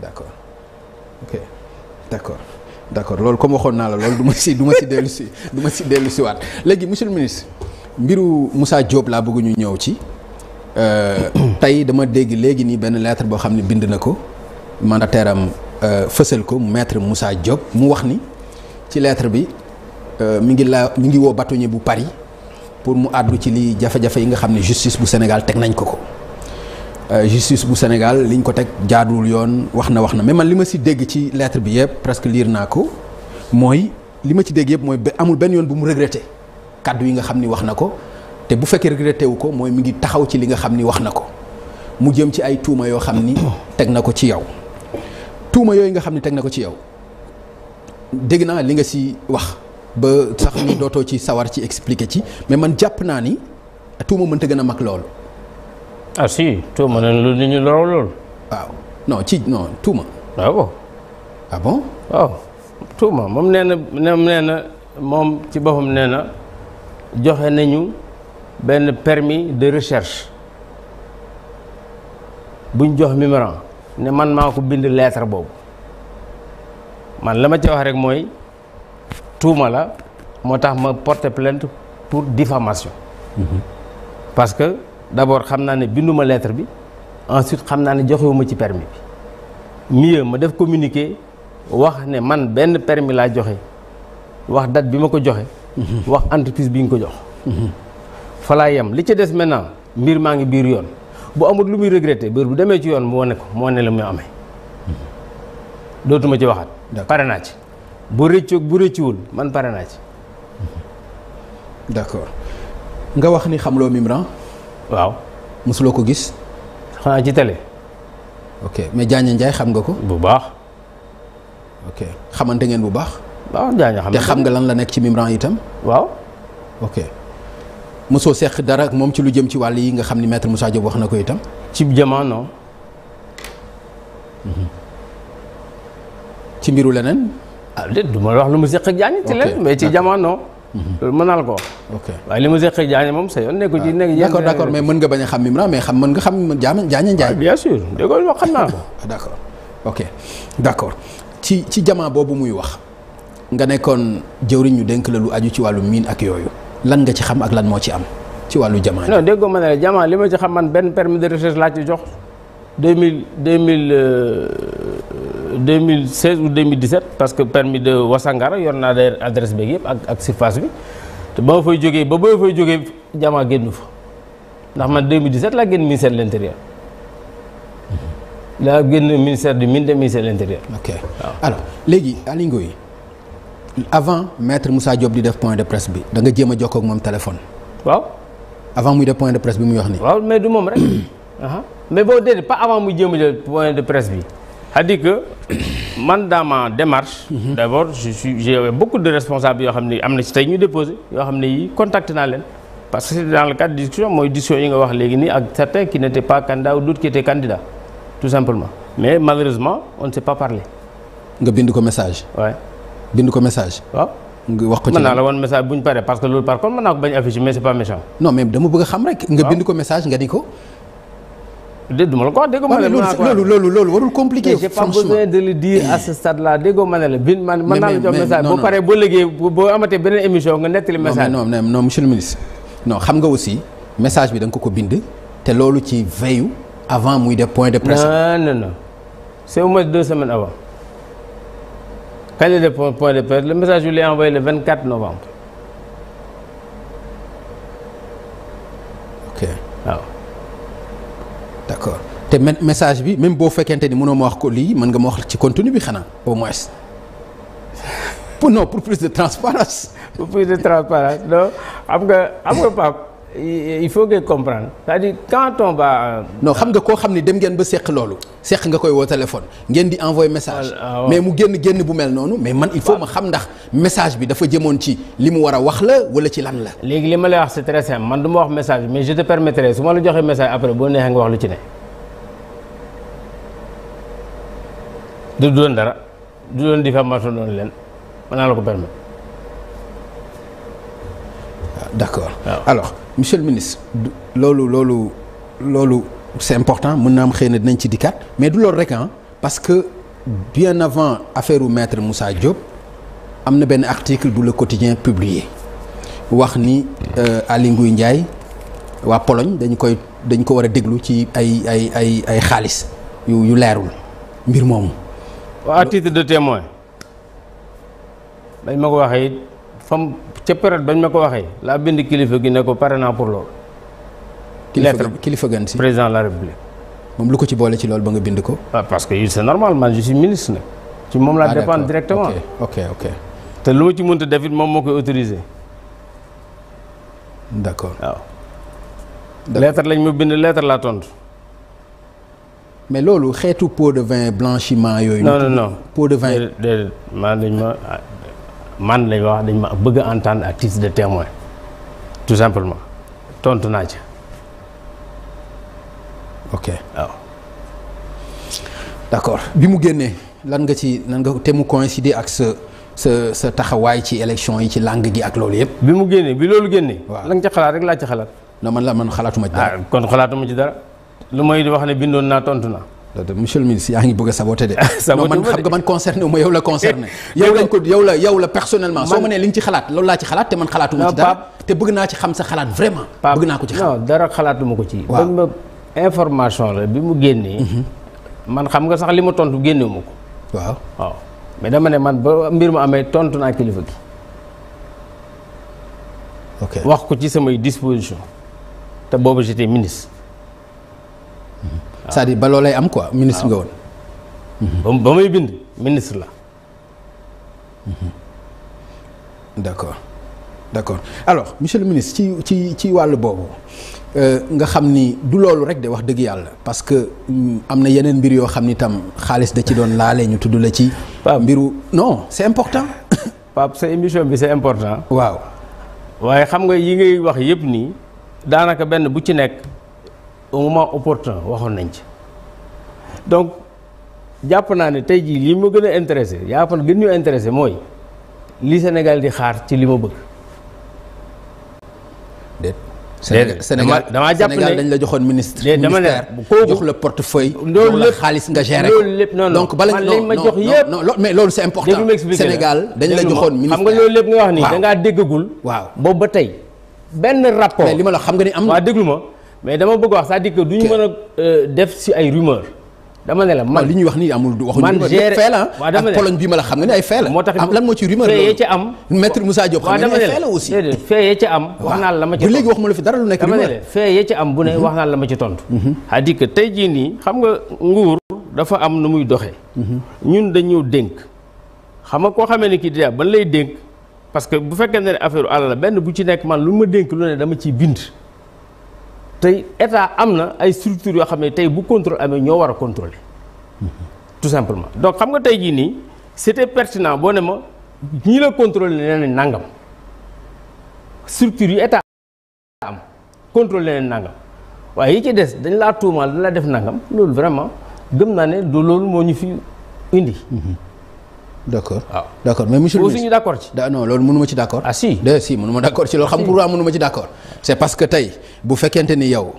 d' accord ok accord d' accord loolu comme waxoon naa la loolu du ma si du ma si dellu si du ma si dellu si waat léegi monsieur le ministre mbiru Moussa Diop laa bëgg ñu ñëw ci euh, tey dama dégg léegi nii benn lettre boo xam ne bind na ko mandataire am euh, fësal ko mettre mussa Diop mu wax ni ci lettre bi euh, mu ngi laa mu ngi woo bâtonnier bu Paris pour mu àddu ci lii jafe-jafe yi nga xam ne justice bu Sénégal teg nañ ko ko. Euh, justice bu Sénégal liñ ko teg jaaduwul yoon wax na wax na mais man li ma si dégg ci lettre bi yëpp presque liir naa ko mooy li ma ci dégg yëpp mooy ba amul benn yoon bu mu regretté kàddu yi nga xam ni wax na ko te bu fekkee regretté wu ko mooy mi ngi taxaw ci li nga xam ni wax na ko mu jëm ci ay tuuma yoo xam ni teg na ko ci yow tuuma yooyu nga xam ni teg na ko ci yow dégg naa li nga si wax ba sax ni dootoo ci sawar ci expliquer ci mais man jàpp naa ni tuuma mënta gën a mag loolu. ah si tuuma nañ lu nit ñi lool lool. waaw non ci non tuuma. waaw ah, bon. ah waaw tuuma moom nee na moom nee na moom ci boppam nee na joxe nañu benn permis de recherche buñ jox Mimran ne man maa ko bind leetar boobu man la ma ci wax rek mooy tuuma la moo tax ma porter plainte pour diffamation. Mhm. parce d'abord xam naa ne binduma lettre bi ensuite xam naa ne joxewuma ci permis bi mieux ma def communique wax ne man benn permis laa joxe wax date bi ma ko joxe mhm. wax entreprise bi ñu ko jox mhm. fa laa yem li ci des maintenant mbir maa ngi biir yoon bu amul lu muy regretté bër bu demee ci yoon moo ne ko moo ne la muy amee mhm. dootuma ci waxaat pare naa ci bu rëccu bu rëccuwul man pare naa ci d'accord nga wax ni xamloo Mimran waaw mosuloo ko gis. xanaa ci télé. ok mais Diagne Ndiaye xam nga ko. bu baax. ok xamante ngeen bu baax. waaw Diagne xam te xam nga lan la nekk ci Mimran itam. waaw. ok mosoo seq dara ak moom ci lu jëm ci wàll yi nga xam ni maître Moussa Diop wax na ko itam. ci jamono. Mhm. ci mbiru leneen. ah déet du ma wax lu mu seq ak Diagne ci leneen mais ci jamono. loolu mën naa la ko wax. waaye li ma seq ak Diagne moom sa yoon nekku ci nekk. d'accord d'accord mais mën nga bañ a xam Mimran mais xam mën nga xam Diagne Ndiaye. Ah, bien sûr dégg nga xam naa ko. Ah, d'accord ci ci jamaa boobu muy wax nga nekkoon jëwriñ ñu denk la lu aju ci wàllu miin ak yooyu lan nga ci xam ak lan moo ci am ci wàllu jamaa non déggoo ma ne la jamaa li ma ci xam man benn permis de recherche laa ci jox deux mille deux mille euh, 2016 ou 2017 parce que permis de Wasangara yor naa d'ailleurs adresse beeg yëpp ak ak surface bi te ba ma fay jógee ba ba ma fay jógee jamaa génn fa ndax man 2017 laa génn ministère de l'intérieur mhm. laa ministère du mine de ministère de l'intérieur. ok waaw alors léegi Aly Ngouille avant maître Moussa Diop di def point de presse bi da nga jéem a jokkoo ak moom téléphone. waaw. avant muy de point de presse bi muy wax ni waaw mais du moom rek. boo déedéet pas avant muy jéem a point de presse bi. c'est-à-dire que man dans démarche. d' je suis j'ai beaucoup de responsables yoo xam ne am na si tey ñu déposé yoo xam ne yi contacté naa leen. parce que c'est dans le discussion mooy discussion yi nga wax léegi nii ak certains qui n'étaient pas candidats ou d'autres qui étaient candidats tout simplement mais malheureusement on ne s'est pas parlé. nga bind ko message. waay bind ko message. waaw nga wax ko ci. mën naa la woon message bu paree parce que loolu par contre mën naa a ko. dégg ma la ko wax dégg ma ne la loolu loolu loolu warul compliqué. j'ai pas besoin de le dire à ce stade là dégg ma ne la bin man mën naa la jox message boo paree boo liggéey boo amatee beneen émission nga nettali message. non non non monsieur le ministre non xam nga aussi message bi da nga ko ko bind te loolu ci veillu avant muy def point de presse. non non non c'est au moins deux semaines avant kañ la def point de presse le message je l'ai envoyé le 24 novembre. ok waaw. d'accord te message bi même boo fekkente ni mënoo ma wax ko lii mën nga ma wax ci contenu bi xanaa au moins. pour non pour plus de transparence pour plus de transparence non xam nga xam nga Pape il faut que comprendre ta à dire quand on va. Euh, xam nga koo xam ni dem ngeen ba seq loolu seq nga koy woo téléphone ngeen di envoyé message. Ah, ah, mais mu génn génn bu mel noonu mais man il faut ma xam ndax message bi dafa jëmoon ci li mu war a wax la wala ci lan la. léegi li ma lay wax c'est très man du ma wax message mais je te permettrai su ma la joxee message après boo neexee nga wax lu ci ne. du doon dara du doon diffamation doon leen mën naa la ko permettre. Ah, monsieur le ministre loolu loolu loolu c'est important mun naa am xëy na dinañ ci dikkaat mais du loolu rek ah parce que bien avant affaire u maître Moussa Diop am na benn article bu le quotidien publié wax ni euh, Aly Ngouille Ndiaye waa Pologne dañ koy dañ ko war a déglu ci ay ay ay ay xaalis yu leerul mbir moomu. à de témoin dañ ma ko waxee fam ca période bañ ma ko waxee laa bind kilifa gi ne ko pare naa pour loolu. lettre kilifa gan si président la république. moom lu ko ci boole ci loolu ba nga bind ko. ah parce que c'est normal man je suis ministre nag. ci moom laa ah, dépendre directement ok ok te lu ma ci mënta def it moom moo koy autorisé. d'accord waaw. lettre lañ ma bind lettre laa tontu. mais loolu xeetu pot de vin blanchiment yooyu. non non pot de vin déedéet man lañ wax dañ ma bëgg a entendre à titre de témoin tout simplement tontu naa ci ok waaw d'accord bi mu génnee lan nga ci lan nga te mu coïncider ak sa sa sa taxawaay ci élection yi ci làng gi ak loolu yëpp. bi mu génnee bi loolu génnee. waa la nga ci xalaat rek laa ci xalaat. non man la man xalaatuma ci dara. Ah, kon xalaatuma ci dara lu may di wax ne bindoon naa tontu na monsieur le ministre yaa ngi bëgg a saboté de. saboté man xam nga man concerné wu ma yow la concerné. Eh, yow lañ ko yow la yow la personnellement. soo ma nee li nga ci xalaat loolu laa ci xalaat te man xalaatuma ci dara. naa ci xam sa xalaat vraiment. bëgg naa ko ci xam non dara xalaatuma ko ci. waaw ma information la bi mu génnee. Mhm. man xam nga sax li ma tontu génnewu ma ko. waaw waaw mais dama ne man ba mbir mu amee tontu naa kilifa gi. ok wax ko ci samay disposition te boobu j'étais ministre. c'est-à-dire ba am quoi ministre nga woon. ba muy bind ministre la. Mm-hmm. d'accord d'accord alors monsieur le ministre ci ci ci wàll boobu euh, nga xam ni du loolu rek de wax dëgg yàlla parce que mm, am na yeneen mbir yoo xam ni tam xaalis da ci doon laale ñu tudd la ci. mbiru non c'est important. Pape bi c'est important. waaw waaye xam nga yi ngay wax yépp nii daanaka benn bu ci nekk. au moment opportun waxoon nañ ci donc jàpp naa ne tey jii li ma gën a intéressé jàpp na gën ñu intéressé mooy li Sénégal di xaar ci li ma bëgg. déet. Sénégal damaa jàpp ne dañ la joxoon ministre. ministère jox la portefeuille. loolu lépp xaalis nga géré ko donc bala man lañ ma jox yëpp mais loolu c'est important. Sénégal dañ la joxoon ministère xam nga loolu lépp nga wax nii. da ngaa déggagul. waaw boobu ba tey. benn rapport li ma la xam nga ni am na déglu ma. mais dama bëgg wax c'est-à-dire que du ñu mën a euh, def si ay rumeur dama ne la man li ñuy wax nii amul du waxuñu man géré fee la ak Pologne bi ma la xam nga ne ay fee la moo tax lan moo ci rumeur fee ya ca am maître Moussa ma ci ba léegi wax ma la nekk dama ne la fee am bu ne mhm. wax naa la ma ci tontu mhm. cest à tey jii nii xam nga nguur dafa am nu muy doxee mhm. ñun dañu dénk xam nga koo xamee ne kii ba ban lay dénk parce que bu fekkee ne affaire àll la benn bu ci nekk man lu ma dénk lu ne dama ciy bind tey état am na ay structures yoo xam ne tey bu contrôle amee ñoo war a contrôler tout simplement donc xam nga tey jii nii c'était pertinent boo ne ma ñi la contrôler nee nangam structures yu état am contrôler nee nangam waaye yi ci des dañ laa tuumaal dañ laa def nangam loolu vraiment gëm naa ne du loolu moo ñu fi indi mm-hmm. d' accord waaw ah. d' accord mais monsieur le ministre ñu d' accord ci. non loolu mënu ma ci d' accord. ah si de si mënu ma ci loolu xam pourquoi mënu ma ci d' accord. parce que tey bu fekkente ni yow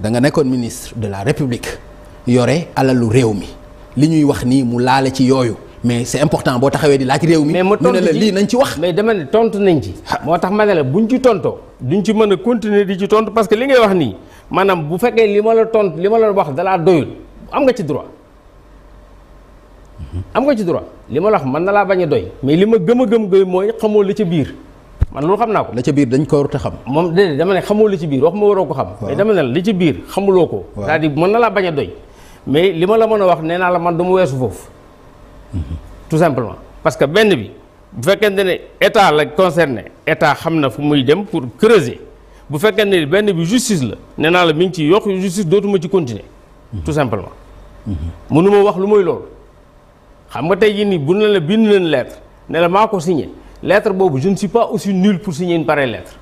danga nga nekkoon ministre de la république yore alalu réew mi li ñuy wax nii mu laale ci yooyu mais c' important boo taxawee di laaj réew mi. mais ma tontu ne lii nañ ci wax. mais demal ne tontu nañ ci. moo tax ma ne la buñ ci tontoo. duñ ci mën a continuer di ci tontu parce que li ngay wax nii maanaam bu fekkee li ma la tontu li ma la wax dalaa doyul am nga ci droit. am nga ci droit li ma la wax mën na laa bañ a doy mais li ma gëm a gëm doy mooy xamoo li ca biir man loolu xam naa ko. la ca biir dañ ko warut a xam. moom déedéet dama ne xamoo ci biir wax ma waroo ko xam. mais dama ne la li ci biir xamuloo ko. waaw di à mën na laa bañ doy mais li ma la mën a wax nee naa la man du ma weesu foofu. tout simplement parce que benn bi bu fekkente ne état la concerné état xam na fu muy dem pour creuser bu fekkente ne benn bi justice la nee naa la mi ngi ciy yokk justice dootuma ci continuer. Mm-hmm. tout simplement. mënuma wax lu mooy loolu. xam nga tey ji nii bu ne la bind leen lettre ne la maa ko signé lettre boobu je si suis pas aussi nul pour signer une pareille lettre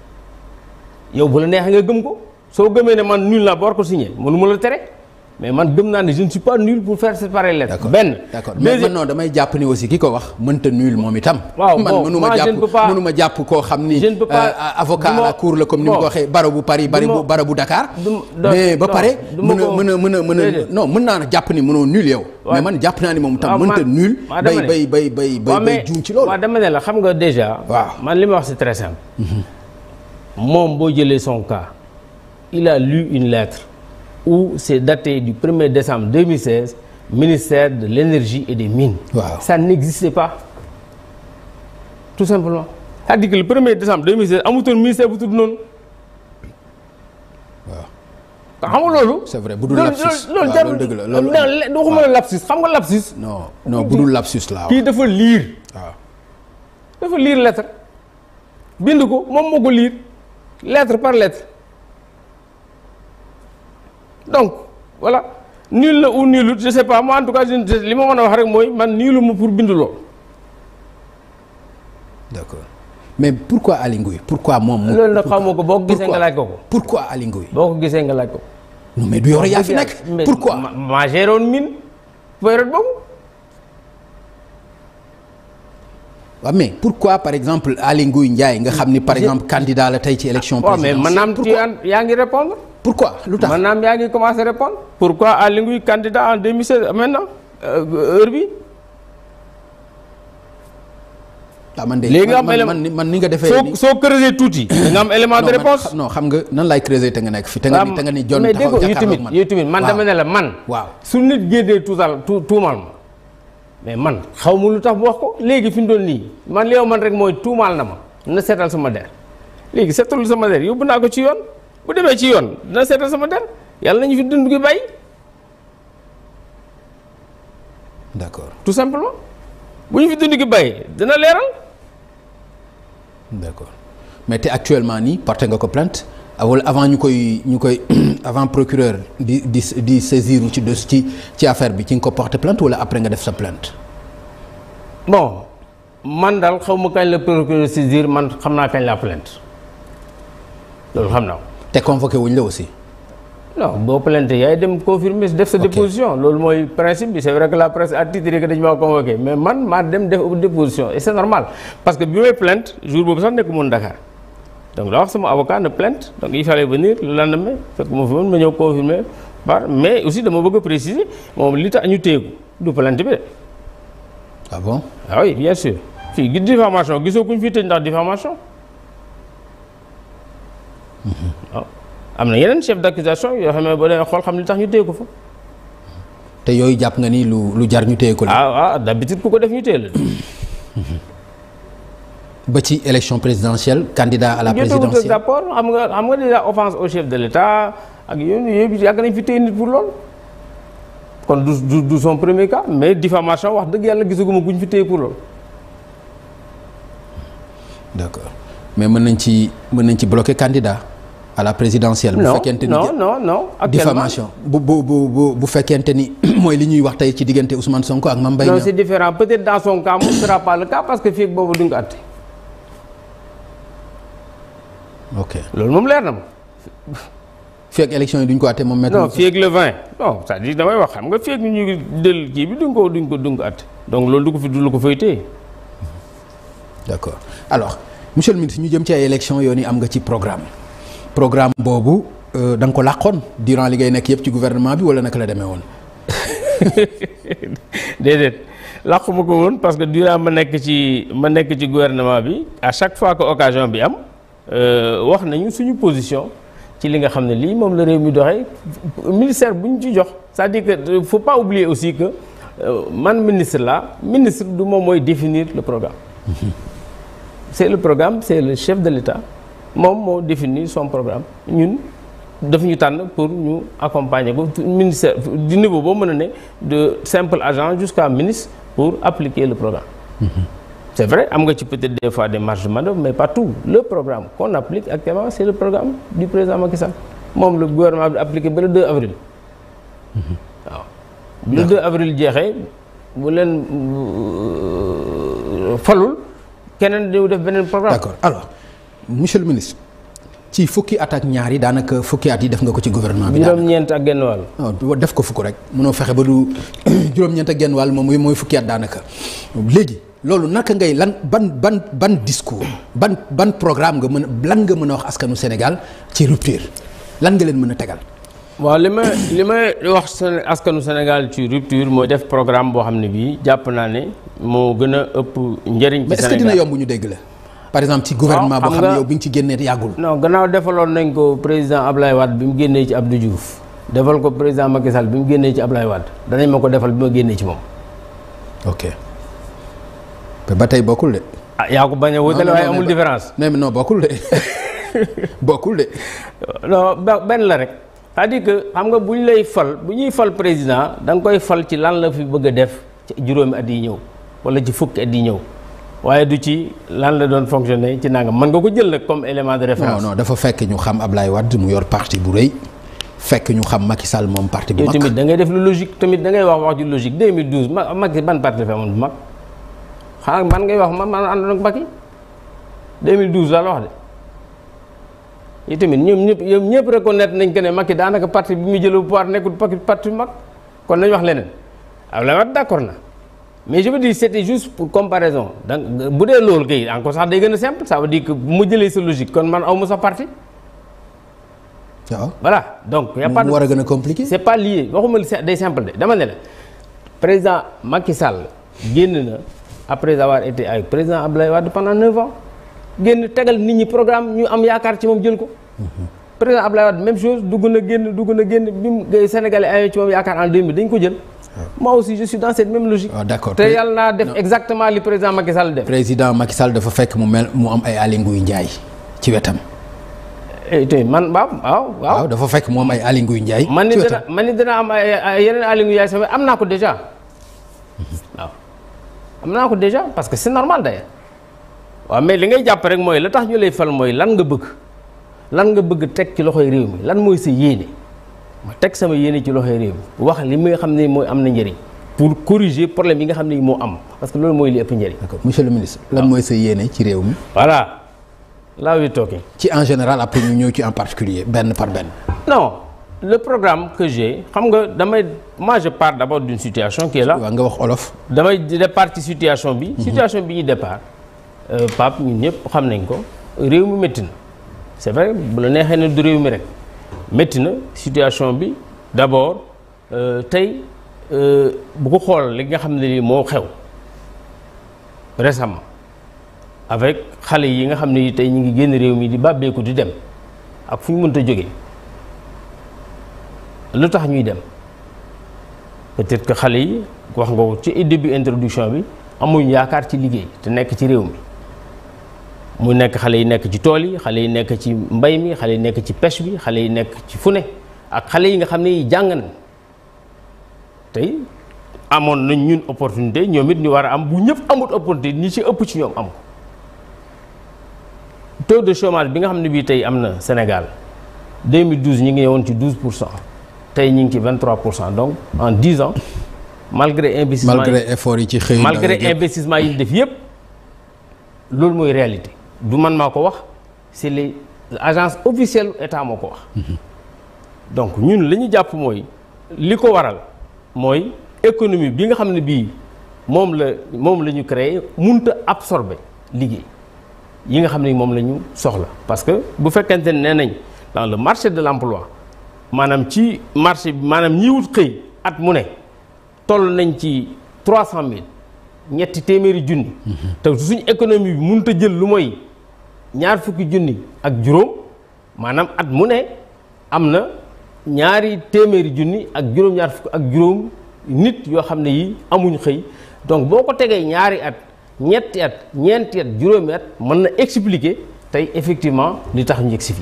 yow bu la neexee nga gëm ko soo gëmee ne man nul la bor ko signé mënu la tere. mais man dem naa ne je ne suis pas nul pour faire cette parallèle. benn mais man non damay jàpp ni aussi ki ko wax mënta nul moom itam. waaw man mënuma jàpp jàpp koo xam ni. Euh, avocat à la cour la comme ni mu ko waxee. baro bu Paris bari bu baro bu Dakar. ba pare mën a mën a mën a mën a non mën naa jàpp ni mënoo nul yow. mais man jàpp naa ni moom itam ah, mënta nul. bay bay bay bay bay juum ci loolu. waaw dama ne la xam nga déjà. waaw man li ma wax c'est très simple. Mhm. moom boo jëlee son cas il a lu une lettre où c'est daté du 1er décembre 2016 ministère de l'énergie et des mines. waaw ça n'existait pas tout simplement. c'est-à-dire que le 1er décembre 2016 amutoon ministère bu tudd noonu. waaw xam nga loolu. c'est vrai budul lapsus loolu loolu dëgg la loolu la lapsus xam nga lapsus. non non budul lapsus laa kii dafa liir. dafa liir lettre bind ko moom moo ko liir lettre par lettre. donc voilà nul na ou nul je sais pas moi en tout cas li ma mën a wax rek mooy man niilu ma pour bindu lool. d'accord mais pourquoi Aly Ngouille pourquoi moom. loolu nag xamoo ko boo ko gisee nga laaj ko ko. pourquoi Aly gisee nga laaj ko. non mais du yore yaa fi nekk pourquoi. ma ma géré woon mine période boobu. waaw mais pourquoi par exemple Aly Ngouille nga xam ni par exemple candidat la tey ci élection présidentielle. Ah, waaw mais maanaam yaa ngi répondre pourquoi lu tax maanaam yaa ngi commencé répondre pourquoi Aly Ngouille candidat en 2016 maintenant euh, heure bi waaw ah, man de man man ni nga defee soo soo creuser tuuti. da am élément de réponse non xam nga nan laay creuser te nga nekk fi te nga ni te nga ni John taxaw jàkkaarloo man mais tamit man dama ne la man. waaw su nit génnee tuutal tu tuumal ma. mais man xaw ma lu tax bu wax ko léegi fi mu doon nii man li man rek mooy tuumaal na ma na seetal sama der léegi seetalu sama der yóbbu naa ko ci yoon. bu demee ci yoon dina seetal sama dem yàlla na ñu fi dund gi bàyyi. d'accord tout simplement bu ñu fi dund gi bàyyi dina leeral. d'accord mais te actuellement nii porté nga ko plant wala avant ñu koy ñu koy avant procureur di di di saisir ci dos ci ci affaire bi ci nga ko porté plainte wala après nga def sa plainte. bon man daal xaw ma kañ la procureur saisir man xam naa kañ la plainte loolu xam naa te convoqué wuñ la aussi. non boo plainte yaay dem confirmer def sa déposition loolu mooy principe bi c'est vrai que la presse a titré que dañu maa convoqué mais man maa dem def déposition et c'est normal parce que bi may plainte jour boobu sax nekku moon Dakar donc daa wax sama avocat na plainte donc il fallait venir le lendemain fekk ma ma ñëw confirmer par mais aussi dama bëgg a préciser moom li tax ñu téegu du plainte bi de. ah bon ah bien sûr fii diffamation gisoo ndax diffamation am na yeneen chef d'accusation yoo xam ne boo dee xool xam li tax ñu téye ko fa. te yooyu jàpp nga nii lu lu jar ñu téye ko la. ah ah d'habitude ku ko def ñu téye la. ba ci élection présidentielle candidat à la présidentielle d'accord xam nga xam nga déjà offense au chef de l'État ak yéen yëpp yàgg nañ fi téye nit pour lool. kon du du son premier cas mais diffamation wax dëgg yàlla gisaguma guñ fi téye pour lool. d'accord mais mën nañ ci mën nañ ci bloquer candidat. à la présidentielle. bu fekkente ni non bu bu bu fekkente ni mooy li ñuy wax tey ci diggante Ousmane Sonko ak ma Mbaye Niang. non c'est différent peut-être dans son cas ce sera pas le cas parce que fii boobu duñ ko àtte. loolu moom leer na ma. fii ak élection yi duñ ko àtte moom. non fii ak le 20 non cest dire damay wax xam nga fii ak ñu dël kii bi duñ ko duñ ko duñ ko àtte donc loolu du ko fi du lu ko fay téye. d'accord alors monsieur le ñu jëm ci ay élections yoon yi am nga ci programme. programme boobu euh, da nga ko làqoon durant li ngay nekk yëpp ci gouvernement bi wala naka la demee woon. déedéet làquma ko woon parce que durant ma nekk ci ma nekk ci gouvernement bi à chaque fois que occasion bi am euh, wax nañu suñu position ci li nga xam ne lii moom la réew mi doxee ministère bu ñu ci jox sa à dire que euh, faut pas oublier aussi que man ministre la ministre du moom mooy définir le programme. c'est le programme c'est le chef de l'État. moom moo définir son programme ñun daf ñu tànn pour ñu accompagner ko ministère du niveau boo mën a ne de simple agent jusqu'à ministre pour appliquer le programme mmh. c'est vrai am nga ci peut-être fois des marges de manœuvre mais pas tout le programme qu'on applique actuellement c'est le programme du président Macky sax moom le gouvernement bi appliqué ba le 2 avril mhm. waaw le avril jeexee bu leen euh, falul keneen dañu def beneen programme monsieur le ministre ci fukki at ak ñaar yi daanaka fukki at yi def nga ko ci gouvernement bi. juróom-ñeent ak genn wàll. def ko fukk rek mënoo fexe ba du juróom-ñeent ak genn moom mooy fukki at daanaka léegi loolu naka ngay lan ban ban ban disko ban ban programme nga mën lan nga mën a wax askanu Sénégal ci rupture lan nga leen mën a tegal. waaw li ma li may wax askanu Sénégal ci rupture mooy def programme boo xam ne bii jàpp naa ne moo gën a ëpp njëriñ. ci dina yomb ñu dégg par exemple ci gouvernement boo xam ne yow bi ñu ci génnee yàggul. non gannaaw defaloon nañ ko président Ablaye Wade bi mu génnee ci Abdou Diouf defal ko président Macky Sall bi mu génnee ci Ablaye Wade danañ ma ko defal bi ma génnee ci moom. ok ba tey bokkul de. ah yaa ko bañ a wutale waaye amul différence. mais non bokkul de bokkul de. non benn la rek. cest dire que xam nga bu ñu lay fal bu ñuy fal président da nga koy fal ci lan la fi bëgg a def ci juróomi at yi ñëw wala ci fukki at yi waaye du ci lan la doon fonctionner ci nangam mën nga ko jël nag comme élément de référence. non non dafa fekk ñu xam Ablaye Wade mu yor parti bu rëy fekk ñu xam Macky Sall moom parti bu mag. tamit da ngay def lu tamit da wax wax ju logique 2012 ma Macky ban parti dafa amoon bu mag xanaa man ngay wax man man àndoon ak Macky 2012 laa la wax de. yi tamit ñoom ñëpp ñoom ñëpp reconnaître nañ que ne Macky daanaka parti bi mu jël pouvoir nekkul parti bu mag kon nañ wax leneen Abdoulaye Wade d'accord na mais je veux dire c'était juste pour comparaison donc bu dee loolu kay encore sax day gën a simple ça veut dire que bu jëlee sa logique kon man aw ma sa parti. waaw ah. donc. y' a war a gën a compliqué. c' est pas lié waxuma day simple de demal ne la président Macky Sall génn na après avoir été avec président Abdoulaye Wade pendant neuf ans génn tegal nit ñi programme ñu am yaakaar ci moom jël ko. Mhm. président Abdoulaye Wade même chose dugg na génn dugg na génn bi mu Sénégalais ayoo ci moom dañ ko jël. moi aussi je suis dans cette même logique. waaw ah, d'accord te yàlla naa def exactement li président Macky Sall def. président dafa fekk mu mel mu am ay Aly Ngouille Ndiaye ci wetam. Eh, tey man waaw waaw. dafa fekk mu am ay Aly Ngouille Ndiaye. man ni dana man ni dana am ay yeneen Aly Ngouille Ndiaye sama am naa ko déjà mhm. waaw. am naa ko déjà parce que c'est normal d'ailleurs waaw mais li ngay jàpp rek mooy la tax ñu lay fal mooy lan nga bëgg lan nga bëgg teg ci loxo réew mi lan mooy sa yéene. ma teg sama yéene ci loxo réew mi wax li muy xam ne mooy am na njëriñ pour corriger problème yi nga xam ne moo am parce que loolu mooy li ëpp njëriñ. d'accord monsieur le ministre. lan mooy sa yéene ci réew mi. voilà là we talking. ci en général après ñu ñëw ci en particulier benn par benn. non le programme que j'ai xam nga damay moi je pars d'abord d'une situation qui la là. nga wax olof. damay départ ci situation bi. Mhm. situation bi ñu départ. Euh, Pape ñun ñëpp xam nañ ko réew mi métti na neexee ne du rek. métti na situation bi d'abord euh, tey euh, bu ko xool li nga xam ne ni moo xew récemment avec xale yi nga xam ne ni tey ñu ngi génn réew mi di bàbbeeku di dem ak fu ñu mënta jóge lu tax ñuy dem peut-être que xale yi wax nga ko ci idée bi introduction bi amuñ yaakaar ci liggéey te nekk ci réew mi mu nekk xale yi nekk ci tool yi xale yi nekk ci mbay mi xale yi nekk ci pêche bi xale yi nekk ci fu ne ak xale yi nga xam ne jàng na tey amoon nañ ñun opportunité ñoom it ñu war a am bu ñëpp amut opportunité ñi ci ëpp ci ñoom am taux de chômage bi nga xam ne bii tey am na Sénégal 2012 ñu ngi woon ci 12 pour cent tey ñu ngi ci 23 pour cent donc en 10 ans malgré investissement malgré effort yi ci xëy malgré investissement yi def yëpp loolu mooy réalité. du man maa ko wax c'est les agences officielles état moo ko wax donc ñun li ñu jàpp mooy li ko waral mooy économie bi nga xam ne bii moom la moom la ñu créé munta absorber liggéey yi nga xam ne moom la soxla parce que bu fekkente ne nee nañ dans le marché de l'emploi maanaam ci marché bi maanaam ñi wut xëy at mu ne toll nañ ci trois cent mille ñetti téeméeri junni mhm. te suñu économie bi munta jël lu mooy ñaar fukki junni ak juróom maanaam at mu ne am na ñaari téeméeri junni ak juróom ñaar fukki ak juróom nit yoo xam ne yi amuñ xëy donc boo ko tegee ñaari at ñetti at ñeenti at juróomi at mën na expliquer tey effectivement li tax ñu yegsi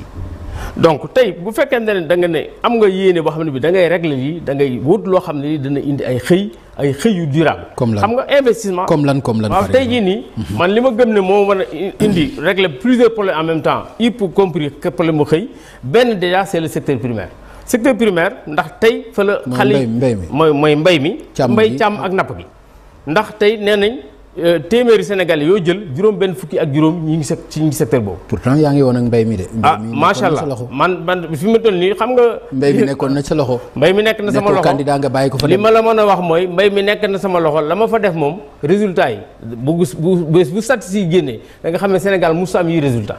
donc tey bu fekkente ne da nga ne am nga yéene boo xam ne bi da ngay régler lii da ngay wut loo xam ne lii dana indi ay xëy ay xëy yu durable. comme lan nga investissement. comme lan comme lan waaw tey jii nii. man li ma gëm ne moo war a indi régler plusieurs problèmes en même temps y compris que problème mu xëy benn déjà c'est le secteur primaire. secteur primaire ndax tey fa la. xale mooy mbay mooy mbay mi. càmm mbay càmm ak napp bi ndax tey nee Euh, téeméeri Sénégal yoo jël juróom benn fukki ak juróom ñu ngi se ci ngi secteur boobu. pourtant yaa ngi woon ak mbay mi de. ah macha allah man man fi ma toll nii xam nga. mbay mi nekkoon na sa loxo. mbay mi nekk na sama loxo candidat nga bàyyi ko fa. li ma la mën a wax mooy mbay mi nekk na loxo la ma fa def moom résultat yi bu bu bés bu sat yi génnee da nga xam ne Sénégal musu am yi résultat.